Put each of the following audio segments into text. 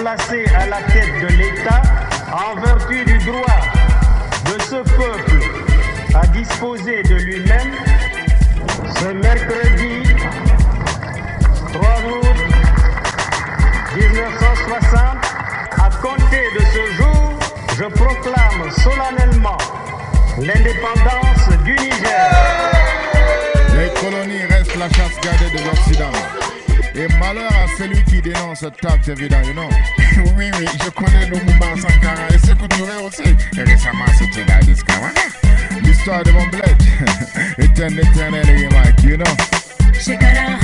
placé à la tête de l'État en vertu du droit de ce peuple à disposer de lui-même ce mercredi 3 août 1960. À compter de ce jour, je proclame solennellement l'indépendance du Niger. Les colonies restent la chasse gardée de l'Occident. Et malheur à celui qui dénonce cet tact évident, you know. oui, oui, je connais le mouvement Sankara et c'est que aussi. Et récemment, c'était la Discara. Hein. L'histoire de mon bled est un éternel you know.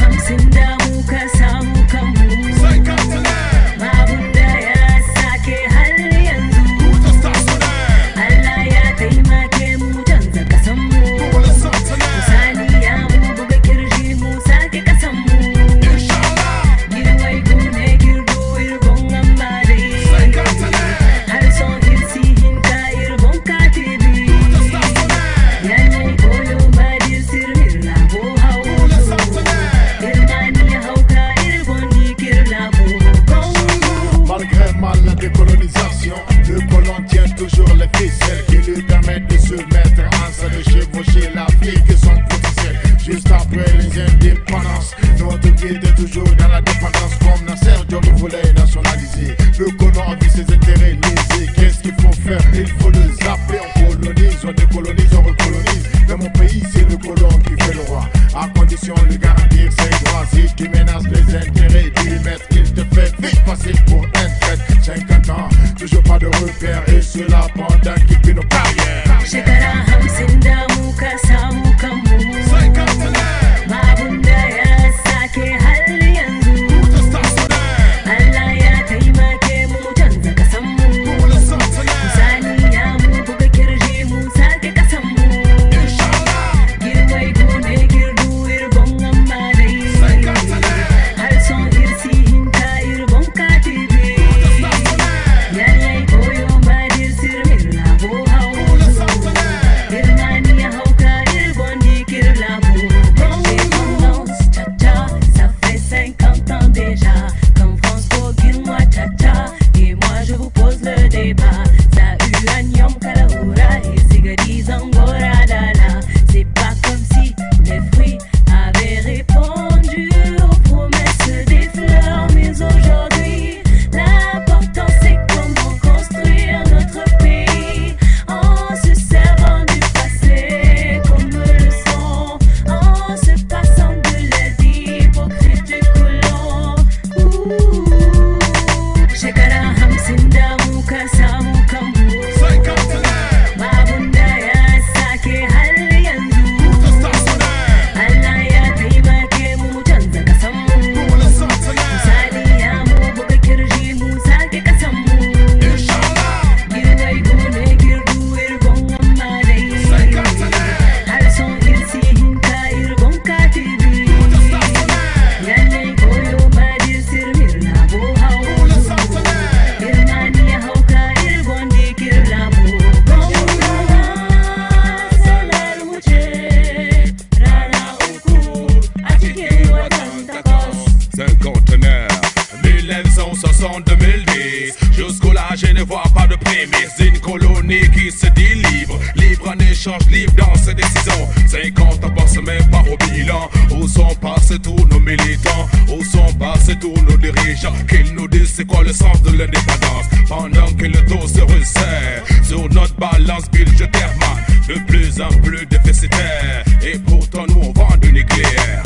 Juste après les indépendances, notre vie était toujours dans la dépendance. Comme Nasser Diop voulait nationaliser le colon avec ses intérêts lésés. Qu'est-ce qu'il faut faire Il faut qui se délivre Libre en échange, libre dans ses décisions 50 ans par semaine par au bilan Où sont passés tous nos militants Où sont passés tous nos dirigeants Qu'ils nous disent c'est quoi le sens de l'indépendance Pendant que le taux se resserre Sur notre balance budgétaire De plus en plus déficitaire Et pourtant nous on vend du nucléaire